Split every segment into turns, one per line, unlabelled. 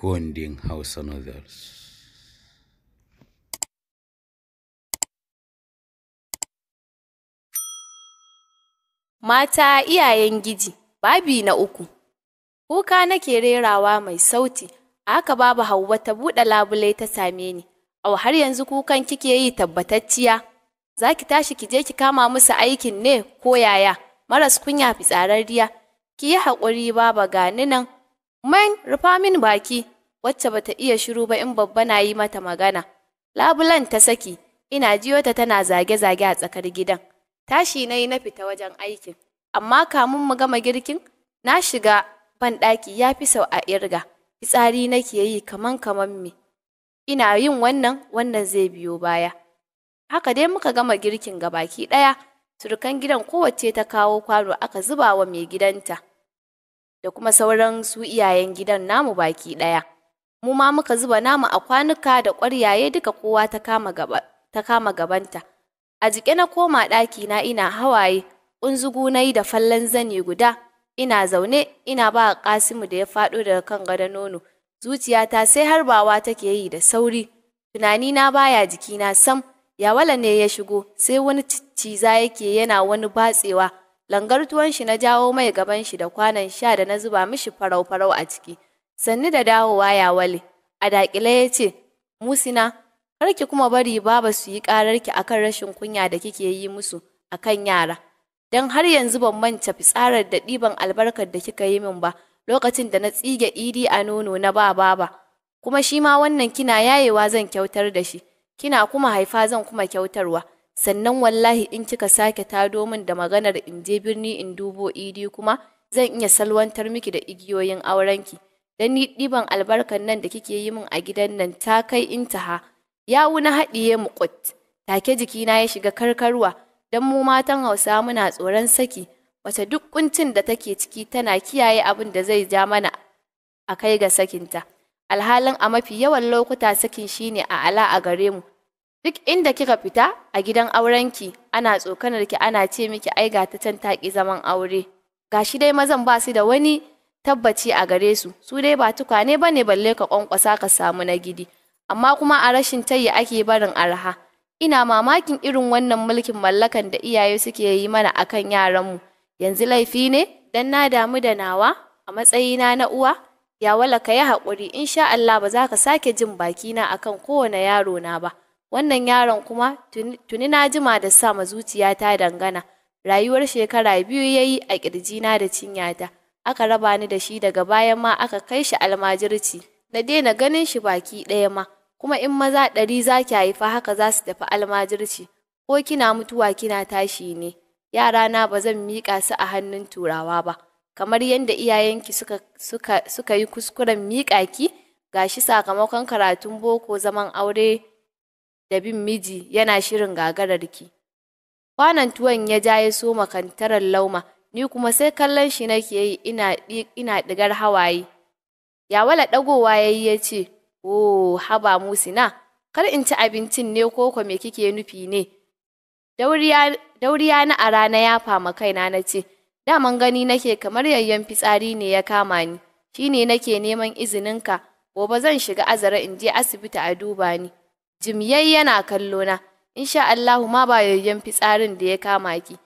kundin Hausa Novels.
Mata iyayen giji, babi na uku. Kuka nake rerawa mai sauti, aka babu Hauwa ta buɗe labule ta same ni, au har yanzu kukan kike yi tabbatacciya. Za ki tashi ki je ki kama musu aikin ne ko yaya, maras kunya fitsararriya, ki yi haƙuri baba gani nan Man rufa min baki, wacce ba ta iya shiru ba in babba na yi mata magana. Labulan ta saki, ina jiyo ta tana zage-zage a tsakar gidan. Tashi na yi na fita wajen aikin, amma kamun mu gama girkin, na shiga ban ɗaki ya fi sau a irga, fitsari nake yi kaman kaman me. Ina yin wannan, wannan zai biyo baya. Haka dai muka gama girkin ga baki ɗaya, surukan gidan kowacce ta kawo kwano aka zuba wa mai gidanta. da kuma sauran su iyayen gidan namu baki ɗaya. Mu ma muka zuba namu a kwanuka da ƙwaryaye duka kowa ta kama gabanta. A jike na koma ɗaki na ina hawaye, unzugu na yi da fallan zani guda, ina zaune ina ba ƙasimu da ya faɗo daga kan gada nono. Zuciyata sai harbawa take yi da sauri, tunani na baya jikina sam, yawala ne ya shigo sai wani cicciza yake yana wani batsewa. Langar tuwon shi na jawo mai gaban shi da kwanan sha da na zuba mishi farau-farau a ciki. Sannu da dawowa ya wale. A dakile ya ce, Musina, kar ki kuma bari baba su yi ki akan rashin kunya da kike yi musu akan yara. Don har yanzu ban manta fitsarar da ɗiban albarkar da kika yi min ba lokacin da na tsige idi a nono na ba baba. Kuma shi ma wannan kina yayewa zan kyautar da shi, kina kuma haifa zan kuma kyautarwa. sannan wallahi in kika sake tado min da maganar in je birni in dubo idi kuma zan iya salwantar miki da igiyoyin aurenki dan ni ɗiban albarkan nan da kike yi min a gidan nan ta kai intaha ya wuna haɗiye mu kut take jikina ya shiga karkarwa dan mu matan hausa muna tsoron saki wace duk kuncin da take ciki tana kiyaye abin da zai ja mana a kai ga sakinta alhalin a mafi yawan lokuta sakin shine a ala a gare mu Duk inda kika fita a gidan aurenki ana tsokanar ki ana ce miki ai ga ta can taƙi zaman aure. Gashi dai mazan ba su da wani tabbaci a gare su, su dai ba tukwane ba ne balle ka ƙwanƙwasa ka samu na gidi. Amma kuma a rashin tayi ake barin arha. Ina mamakin irin wannan mulkin mallakan da iyaye suke yi mana akan mu. Yanzu laifi ne dan na damu da nawa a matsayina na uwa ya wala ka yi haƙuri insha Allah ba za ka sake jin bakina akan kowane yaro na ba. Wannan yaron kuma tuni na jima da sa ma zuciyata dangana. Rayuwar shekara biyu ya yi a ƙirjina da cinyata. Aka raba ni da shi daga bayan ma aka kai shi almajirci. Na daina ganin shi baki ɗaya ma. Kuma in maza ɗari za ki haifa haka za su tafi almajirci. Ko kina mutuwa kina tashi ne. Yarana ba zan miƙa su a hannun turawa ba. Kamar yadda iyayenki suka, suka, suka yi kuskuren miƙa ki, gashi sakamakon karatun boko zaman aure da bin miji yana shirin gagarar ki Kwanan tuwon ya ja ya soma kantarar lauma, ni kuma sai kallon shi nake yi ina, ɗigar hawaye. Yawala ɗagowa ya yi ya ce, Oh, haba musina, kar in ci abincin ne koko me kike nufi ne. Dauriya na a rana ya fama kaina na ce, Daman gani nake kamar yayyan fitsari ne ya kama ni, shi ne nake neman izininka, gobe zan shiga azara in je asibiti a duba ni. Jim yana kallo na. sha Allahu ma ba yayyan fitsarin da ya kama ki,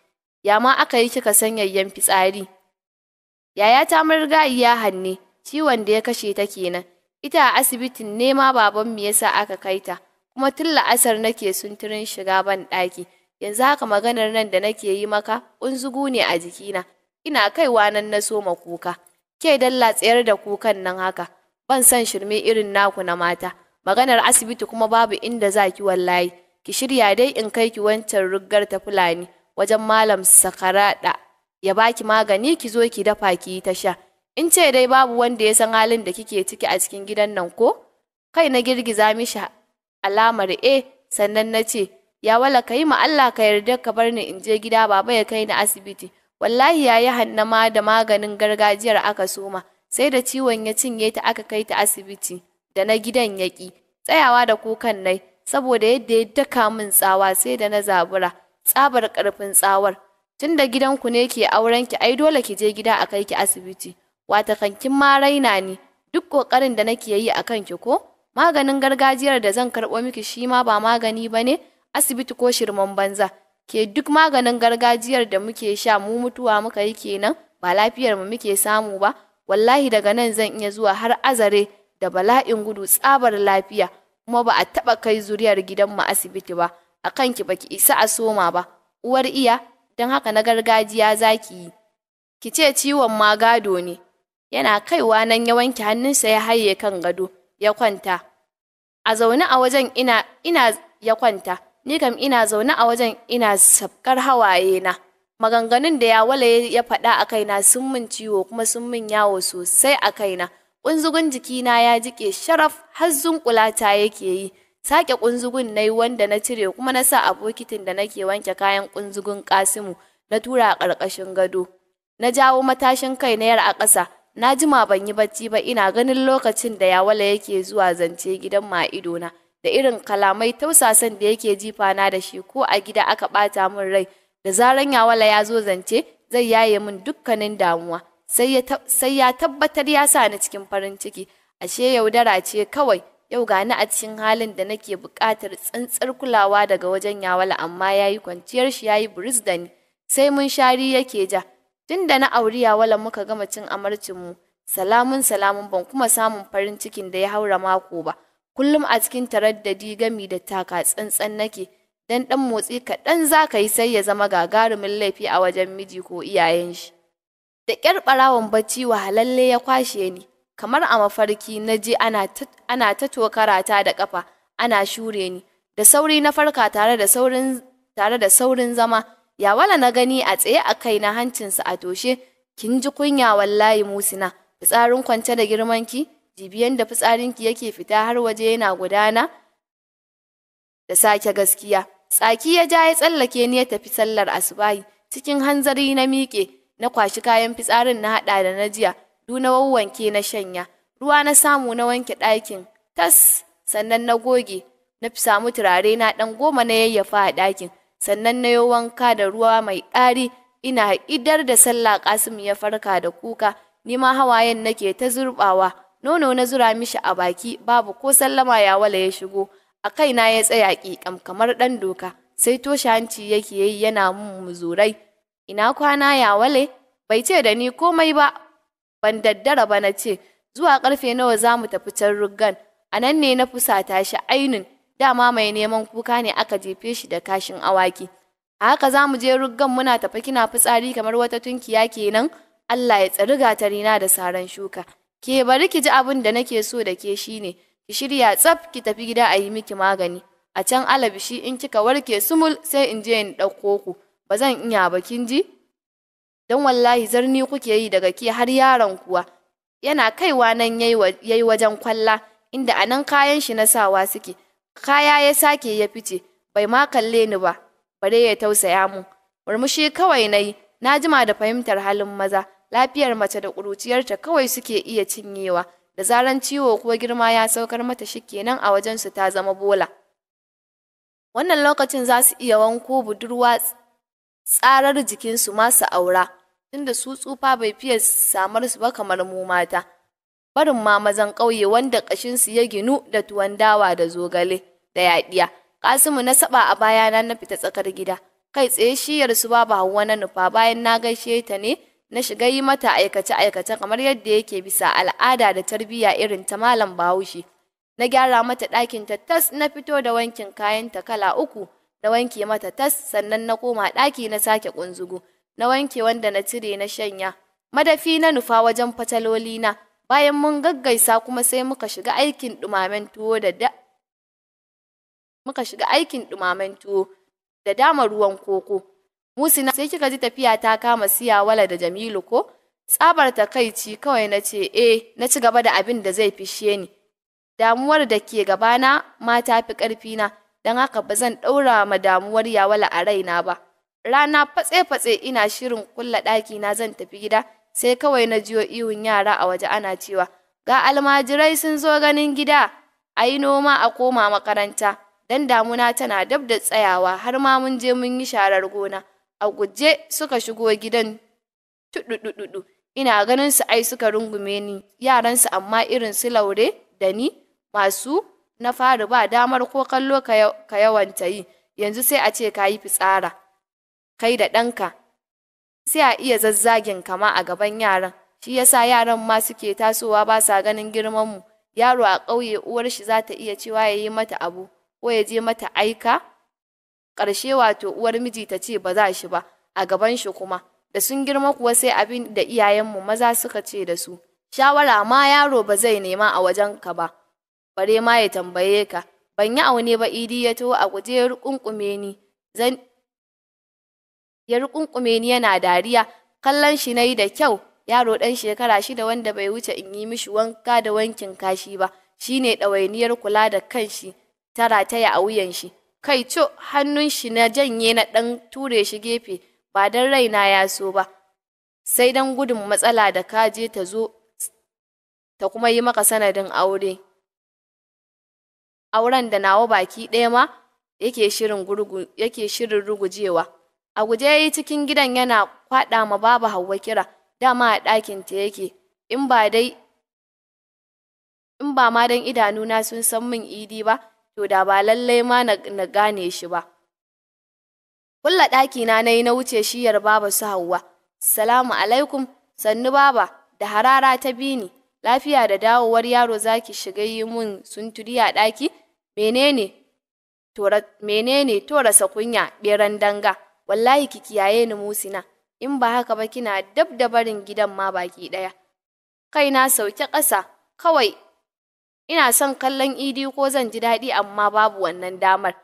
ya ma aka yi kika san yayyan fitsari. Yaya ta murga iya hanne, ciwon da ya kashe ta kenan, ita a asibitin ne ma baban mu yasa aka kai ta, kuma tun la'asar nake sunturin shiga ban ɗaki, yanzu haka maganar nan da nake yi maka unzugu ne a jikina, ina kaiwa nan na soma kuka, ke dalla tsayar da kukan nan haka, ban san shirme irin naku na mata. maganar asibiti kuma babu inda za ki wallahi ki shirya dai in kai ki wancan ruggar ta fulani wajen malam sakarada ya baki magani ki zo ki dafa ki tasha. ta sha in ce dai babu wanda ya san halin da kike ciki a cikin gidan nan ko kai na girgiza mishi alamar e sannan na ce ya wala ka yi ma Allah ka yarda ka bar ni in je gida baba ya kai ni asibiti wallahi yayi hannama da maganin gargajiyar aka soma sai da ciwon ya cinye ta aka kai ta asibiti da na gidan yaƙi tsayawa da kukan nai saboda yadda ya daka min tsawa sai da na zabura tsabar ƙarfin tsawar tun da gidanku ne ke auren ki ai dole ki je gida a kai ki asibiti wata kankin ma raina ni duk ƙoƙarin da nake yi a kanki ko maganin gargajiyar da zan karɓo miki shi ma ba magani ba ne asibiti ko shirman banza ke duk maganin gargajiyar da muke sha mu mutuwa muka yi kenan ba lafiyar mu muke samu ba wallahi daga nan zan iya zuwa har azare da bala'in gudu tsabar lafiya kuma ba a taɓa kai zuriyar gidanmu asibiti ba a kanki baki isa a soma ba uwar iya don haka na gargajiya za ki yi ki ce ciwon ma gado ne yana kaiwa nan ya wanke hannunsa ya haye kan gado ya kwanta a zaune a wajen ina ina ya kwanta ni kam ina zaune a wajen ina sabkar hawaye na maganganun da ya wala ya faɗa a kaina sun min ciwo kuma sun min yawo sosai a kaina Ƙunzugun jikina ya jike sharaf har zunƙulata yake yi. Sake ƙunzugun na yi wanda na cire kuma na sa a bokitin da nake wanke kayan ƙunzugun Kasimu na tura a ƙarƙashin gado. Na jawo matashin kai na yar a ƙasa. Na jima ban yi bacci ba ina ganin lokacin da yawala yake zuwa zance gidan ma idona. da irin kalamai tausasan da yake jifa na da shi ko a gida aka ɓata min rai da zaran yawala ya zo zance zai yaye min dukkanin damuwa sai ya tabbatar ya sa ni cikin farin ciki ashe yaudara ce kawai yau ga a cikin halin da nake buƙatar tsantsar kulawa daga wajen yawala amma ya yi kwanciyar shi ya yi buris da ni sai mun shari yake ja tun da na auri yawala muka gama cin amarcinmu salamun salamun ban kuma samun farin cikin da ya haura mako ba kullum a cikin taraddadi gami da taka tsantsan nake dan ɗan motsi kaɗan za ka yi sai ya zama gagarumin laifi a wajen miji ko iyayen shi Da ƙyar ɓarawon bacci wahalalle ya kwashe ni, kamar a mafarki na je ana ta tokarata da ƙafa, ana shure ni, da sauri na farka tare da saurin tare da saurin zama, ya wala na gani a tsaye a kai na hancinsa a toshe, kin ji kunya wallahi musina, fitsarin kwance da girmanki, jibiyan da fitsarinki yake fita har waje yana gudana, da sake gaskiya. Tsaki ya ja ya tsallake ni ya tafi sallar asubahi, cikin hanzari na miƙe, na kwashi kayan fitsarin na hada da na jiya, du na wawwanke na shanya, ruwa na samu na wanke ɗakin, tas, sannan na goge, na fi samu turare na ɗan goma na yayyafa a ɗakin, sannan na yi wanka da ruwa mai ƙari, ina idar da sallah Kasim ya farka da kuka, ni ma hawayen nake ta zurɓawa, nono na zura mishi a baki, babu ko sallama ya wala ya shigo, a kaina ya tsaya ƙiƙam kamar ɗan doka, sai toshe hanci yake yi yana mun muzurai. ina kwana ya wale, bai ce da ni komai ba, ban daddara ba na ce, zuwa karfe nawa za mu tafi can ruggan, a nan ne na fusata shi ainun, dama mai neman kuka ne aka jefe shi da kashin awaki. A haka za mu je ruggan muna tafi kina fitsari kamar wata tunkiya kenan, Allah ya tsari gatarina da saran shuka. Ke bari ki ji abin da nake so da ke shi ne. ki shirya tsaf ki tafi gida a yi miki magani. A can alabishi in kika warke sumul sai in je in ɗauko ku. ba zan iya ba kin ji don wallahi zarni kuke yi daga ke har yaron kuwa yana kaiwa nan yayi wajen kwalla inda a nan kayan shi na sawa suke kaya ya sake ya fice bai ma kalle ni ba bare ya tausaya mu murmushi kawai nayi na jima da fahimtar halin maza lafiyar mace da ƙuruciyarta kawai suke iya cinyewa da zaran ciwo kuwa girma ya saukar mata shi kenan a wajensu ta zama bola wannan lokacin za su iya wanko budurwa tsarar jikinsu masu aura, tunda su tsufa bai fiye samar su ba kamar mu mata. Barin ma mazan ƙauye wanda ƙashinsu ya ginu da tuwon dawa da zogale da yaɗiya. Kasimu na saba a bayana na fita tsakar gida. Kai tsaye shiyar su babu hawa na nufa bayan na gaishe ta ne na shiga yi mata aikace-aikace kamar yadda yake bisa al'ada da tarbiyya irin ta malam bahaushe. Na gyara mata ɗakin tattas na fito da wankin kayanta kala uku na wanke mata tas sannan na koma ɗaki na sake ƙunzugu na wanke wanda na cire na shanya madafi na nufa wajen fataloli na bayan mun gaggaisa kuma sai muka shiga aikin ɗumamen tuwo da da muka shiga aikin ɗumamen tuwo da dama ruwan koko musina sai kika ji tafiya ta kama siyawala da jamilu ko tsabar takaici kawai na ce eh na ci gaba da abin da zai fishe ni damuwar da ke gabana ma ta fi na. don haka ba zan ɗaura ma damuwar yawala a raina ba. Rana fatse-fatse ina shirin kulla ɗaki na zan tafi gida sai kawai na jiyo ihun yara a waje ana cewa ga almajirai sun zo ganin gida a yi noma a koma makaranta don damuna tana dab da tsayawa har ma mun je mun yi sharar gona a guje suka shigo gidan tuɗuɗuɗuɗu ina ganin su ai suka rungume ni yaransu amma irin su laure da ni masu na fari ba damar ko kallo ka yawanta yi yanzu sai a ce ka yi fitsara kai da ɗanka sai a iya zazzagin kama a gaban yaran shi yasa yaran ma suke tasowa ba sa ganin girmanmu yaro a ƙauye uwar shi za ta iya cewa ya yi mata abu ko ya je mata aika ƙarshe wato uwar miji ta ce ba za shi ba a gaban shi kuma da sun girma kuwa sai abin da iyayenmu maza suka ce da su shawara ma yaro ba zai nema a wajenka ba bare ma ya tambaye ka ban yi aune ba idi ya taho a guje ya rukunkume ni zan ya rukunkume ni yana dariya kallon shi nayi da kyau yaro dan shekara shida wanda bai wuce in yi mishi wanka da wankin kashi ba shine ɗawainiyar kula da kanshi ta rataya a wuyan shi kai co hannun shi na janye na ɗan ture shi gefe ba don raina ya so ba sai dan gudun matsala da kaje ta zo ta kuma yi maka sanadin aure auren da nawa baki ɗaya ma yake shirin yake shirin rugujewa a guje yayi cikin gidan yana kwaɗa ma baba Hauwa kira dama a ɗakin ta yake in ba dai in ba ma dan idanuna sun san min idi ba to da ba lallai ma na, gane shi ba kulla ɗaki na nayi na wuce shiyar baba su Hauwa salamu alaikum sannu baba da harara ta bini lafiya da dawowar yaro zaki shiga yi mun sunturi a ɗaki menene tora menene to kunya beran danga wallahi ki kiyaye ni musina in ba haka ba kina dab da barin gidan ma baki daya na sauke ƙasa kawai ina son kallon idi ko zan ji daɗi amma babu wannan damar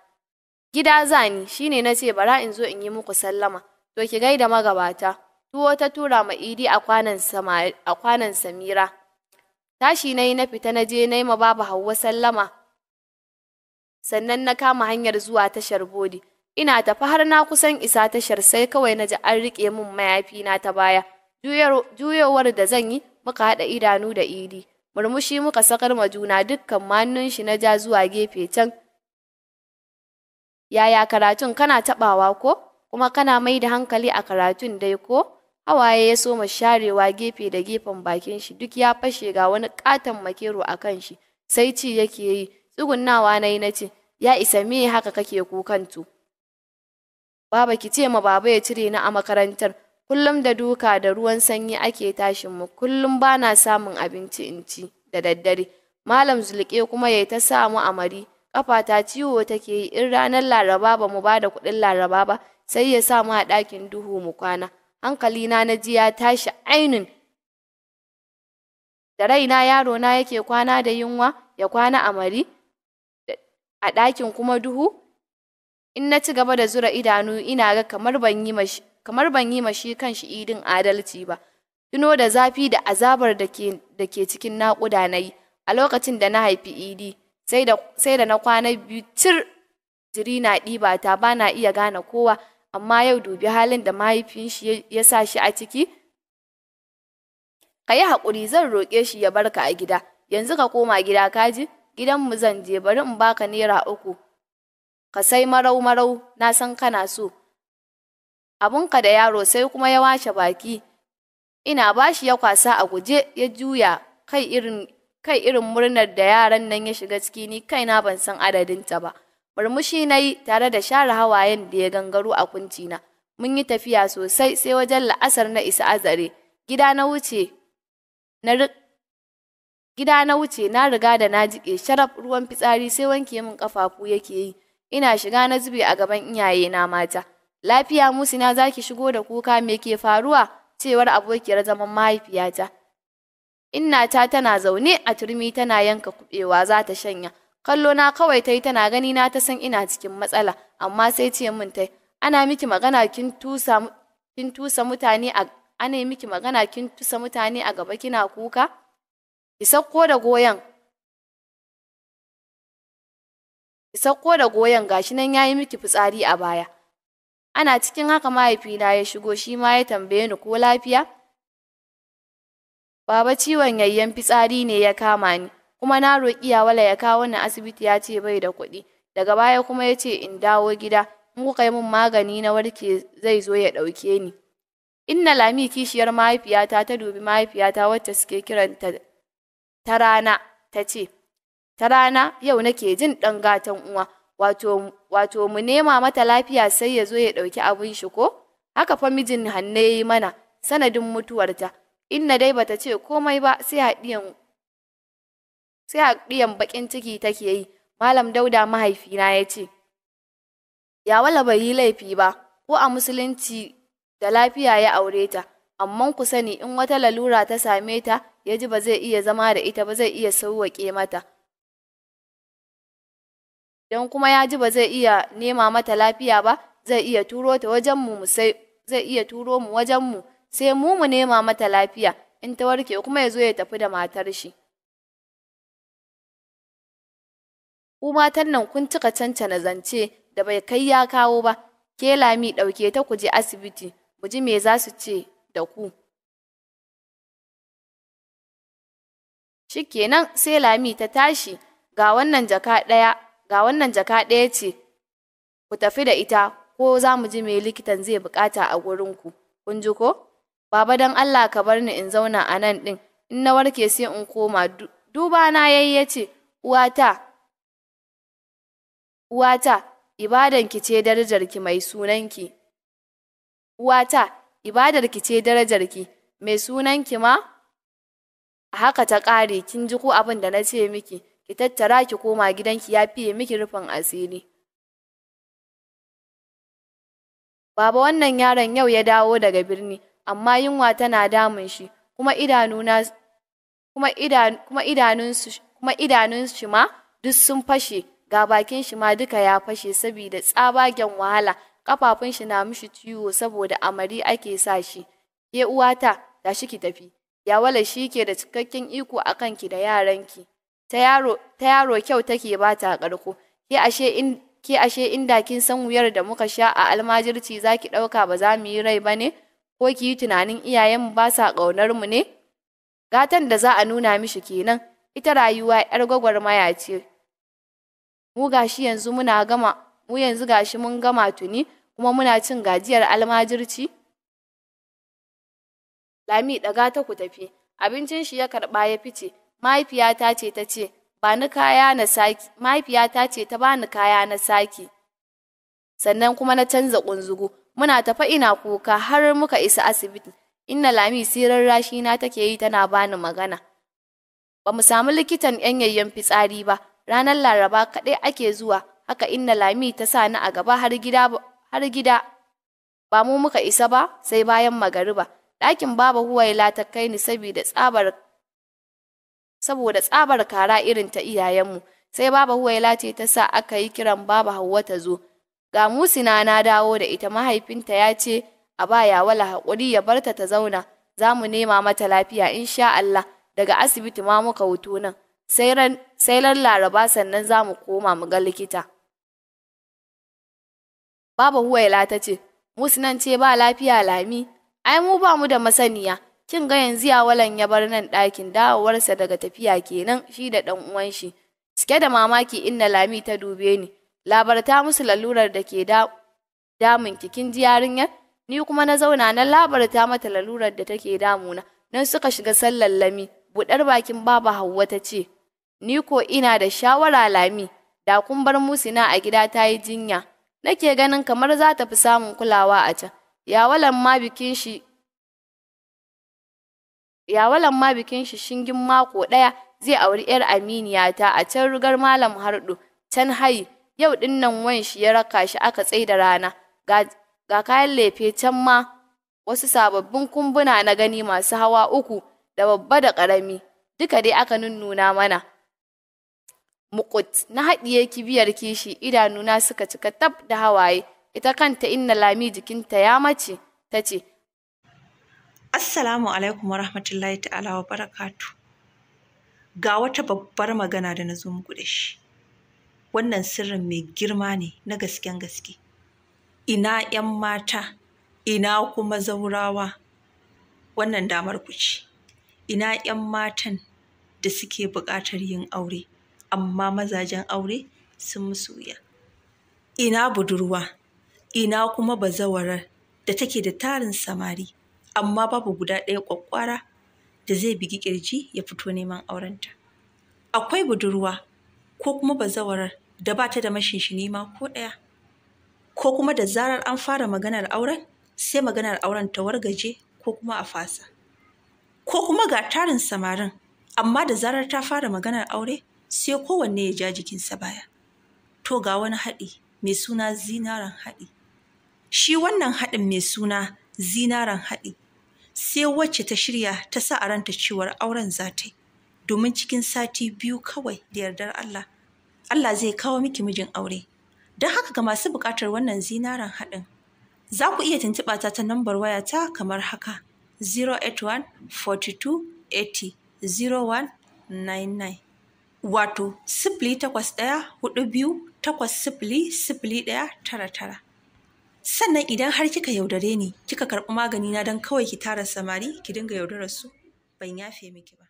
gida zani shine na ce bara in zo in yi muku sallama to ki gaida magabata tuwo ta tura ma idi a kwanan samira tashi nayi na fita na je na ma babu hauwa sallama sannan na kama hanyar zuwa tashar bodi. Ina tafi har na kusan isa tashar sai kawai na ji an riƙe min mayafi na ta baya. Juyowar da zan yi muka haɗa idanu da idi. Murmushi muka sakar ma juna dukkan manun shi na ja zuwa gefe can. Yaya karatun kana taɓawa ko? Kuma kana mai da hankali a karatun dai ko? hawaye ya soma sharewa gefe da gefen bakin shi duk ya fashe ga wani katon makero a kan shi sai ci yake yi tsugunnawa na yi na ce ya isa me haka kake tu Baba ki ce ma baba ya cire ni a makarantar, kullum da duka da ruwan sanyi ake tashin mu, kullum ba na samun abinci in ci da daddare. Malam Zulke kuma ya ta samu amari, ta ciwo take yi in ranar Laraba ba mu ba da kuɗin Laraba ba, sai ya sa mu a ɗakin duhu mu kwana. Hankalina na ji ya tashi ainun. Da raina yaro na yake kwana da yunwa, ya kwana a mari a ɗakin kuma duhu in na ci gaba da zura idanu ina ga kamar ban yi mashi kamar kan shi idin adalci ba tuno da zafi da azabar da ke da ke cikin naƙuda na yi a lokacin da na haifi idi sai da na kwana biyu cir jiri na ɗiba ta ba na iya gane kowa amma yau dubi halin da mahaifin shi ya sa shi a ciki ka yi haƙuri zan roƙe shi ya barka a gida yanzu ka koma gida kaji idan mu zan je bari in baka naira uku, ka sai marau-marau na san kana so. Abunka da yaro sai kuma ya washe baki, ina bashi ya kwasa a guje ya juya kai irin murnar da yaran nan ya shiga ciki ni kaina ban san adadin ta ba. Murmushi na yi tare da share hawayen da ya gangaro a kuncina. Mun yi tafiya sosai sai wajen la'asar na isa azare, gida na wuce, na Gida na wuce, na riga da na jike sharaf ruwan fitsari sai wanke min kafafu yake yi. Ina shiga na zube a gaban iyaye na mata. Lafiya musu na zaki shigo da kuka me ke faruwa? Cewar abokiyar zaman mahaifiyata. Inna ta tana zaune a turmi tana yanka kubewa za ta shanya. Kallo na kawai ta yi tana gani na ta san ina cikin matsala, amma sai ce min tai, ana miki magana kin tusa kin tusa mutane a ana miki magana kin tusa mutane a gaba kina kuka? Ki sauko da goyon. Ki da goyon gashi nan yayi miki fitsari a baya. Ana cikin haka mahaifina ya shigo shi ma ya tambaye ni ko lafiya? Baba ciwon yayyen fitsari ne ya kama ni, kuma na roƙi yawala ya kawo ni asibiti ya ce bai da kuɗi. Daga baya kuma ya ce in dawo gida, in kuka yi min magani na warke zai zo ya ɗauke ni. Inna Lami kishiyar mahaifiyata ta dubi mahaifiyata wacce suke kiranta Ta rana, ta ce, ta rana yau nake jin ɗan gatan uwa, wato mu nema mata lafiya sai ya zo ya ɗauki abin shi ko? Haka fa mijin hanne yi mana sanadin mutuwarta, inna dai bata ce komai ba sai haɗiyan baƙin ciki take yi, Malam Dauda mahaifina ya ce, Ya wala bai yi laifi ba, ko a musulunci da lafiya ya aure ta, amman ku sani in wata lalura ta same ta ya ji ba zai iya zama da ita ba zai iya sauwaƙe mata don kuma ya ji ba zai iya nema mata lafiya ba zai iya turo ta wajen mu sai zai iya turo mu wajenmu sai mu mu nema mata lafiya in ta warke kuma ya zo ya tafi da matar shi ku matan nan kun cika cancana zance da bai kai ya kawo ba ke lami ɗauke ta ku je asibiti mu ji me za su ce da ku Shikenan sai Lami ta tashi ga wannan jaka ɗaya, ga wannan jaka ɗaya ce, ku tafi da ita ko za mu ji me likitan zai bukata a gurinku. Kun ji ko? Baba don Allah ka bar ni in zauna a nan ɗin, in na warke sai in koma duba na yayi ya ce, Uwata, Uwata, ibadanki ce darajarki mai sunanki. Uwata, ibadarki ce darajarki, mai sunanki ma? a haka ta ƙare kin ji ko abin da na ce miki ki tattara ki koma gidanki ya fiye miki rufin asiri baba wannan yaron yau ya dawo daga birni amma yunwa tana damun shi kuma idanun shi ma duk sun fashe ga bakin shi ma duka ya fashe saboda tsabagen wahala kafafun shi na mishi ciwo saboda amari ake sa shi ke uwata tashi ki tafi Yawale shi ke da cikakken iko a kanki da yaranki. Ta yaro kyau take ba ta ƙarko, ke ashe inda kin san wuyar da muka sha a almajirci za ki ɗauka ba za mu yi rai ba ne, ko ki yi tunanin iyayen ba sa ƙaunar mu ne? Gatan da za a nuna mishi kenan, ita rayuwa 'yar maya ce. Mu gashi yanzu muna gama, mu yanzu gashi mun gama tuni, kuma muna cin gajiyar almajirci. Lami ɗaga ta ku tafi. Abincin shi ya karɓa ya fice. Mahaifiyata ce ta ce, ba ni kaya na saki. Mahaifiyata ce ta bani kaya na saki. Sannan kuma na canza ƙunzugu. Muna tafa ina kuka har muka isa asibiti. Inna Lami sirar na take yi tana bani magana. Ba mu samu likitan 'yan yayyen fitsari ba. Ranar Laraba kaɗai ake zuwa. Haka Inna Lami ta sa ni a gaba har gida har gida ba mu muka isa ba sai bayan magariba ɗakin baba huwaila ta kai ni saboda tsabar kara irin ta iyayenmu sai baba huwaila ce ta sa aka yi kiran baba hauwa ta zo ga musina na dawo da ita mahaifinta ya ce a ba ya wala haƙuri ya barta ta zauna za mu nema mata lafiya insha Allah daga asibiti ma muka wuto nan sai ran laraba sannan za mu koma mu ga likita baba huwaila ta ce musinan ce ba lafiya lami ai mu ba mu da masaniya kin ga yanzu ya yawalan ya bar nan ɗakin dawowarsa daga tafiya kenan shi da ɗan uwan shi cike da mamaki inna lami ta dube ni labarta musu lalurar da ke damun kikin ji yarinyar ni kuma na zauna na labarta mata lalurar da take damuna nan suka shiga sallar lami buɗar bakin baba hauwa ta ce ni ko ina da shawara lami da kun bar musina a gida ta yi jinya nake ganin kamar za ta fi samun kulawa a can Yawalan ma bikin shi Yawalan ma bikin shi shingin mako ɗaya zai auri 'yar aminiya ta a can rugar Malam Harɗo, can hayi, yau ɗin nan wanshi ya raka shi aka tsai da rana, ga kayan lefe can ma wasu sababbin kumbuna na gani masu hawa uku da babba da ƙarami, duka dai aka nunnuna mana. Mukut na haɗiye kibiyar kishi idanuna suka cika tab da hawaye. ita kanta inna lami jikinta ya mace ta ce
assalamu alaikum wa rahmatullahi ta'ala wa barakatu ga wata babbar magana da na zo muku da shi wannan sirrin mai girma ne na gasken gaske ina 'yan mata ina kuma zaurawa wannan damar ku ce ina 'yan matan da suke buƙatar yin aure amma mazajen aure sun musu wuya ina budurwa ina kuma bazawarar da take da tarin samari amma babu guda ɗaya ƙwaƙƙwara da zai bigi ƙirji ya fito neman aurenta. Akwai budurwa ko kuma bazawarar da ba ta da mashinshini ma ko ɗaya. Ko kuma da zarar an fara maganar auren sai maganar auren ta wargaje ko kuma a fasa. Ko kuma ga tarin samarin amma da zarar ta fara maganar aure sai kowanne ya ja jikinsa baya. To ga wani haɗi mai suna zinaran haɗi. Shi wannan haɗin mai suna zinaren haɗi sai wacce ta shirya ta sa a ranta cewar auren za yi domin cikin sati biyu kawai da yardar Allah. Allah zai kawo miki mijin aure. Don haka ga masu buƙatar wannan zinaren haɗin, za ku iya tuntuɓa ta ta nambar ta kamar haka 081 42 80 0199 wato sifili takwas ɗaya hudu biyu takwas sifili sifili ɗaya tara tara. sannan idan har kika yaudare ni kika karɓi maganina don kawai ki tara samari ki dinga yaudarar su ban yafe miki ba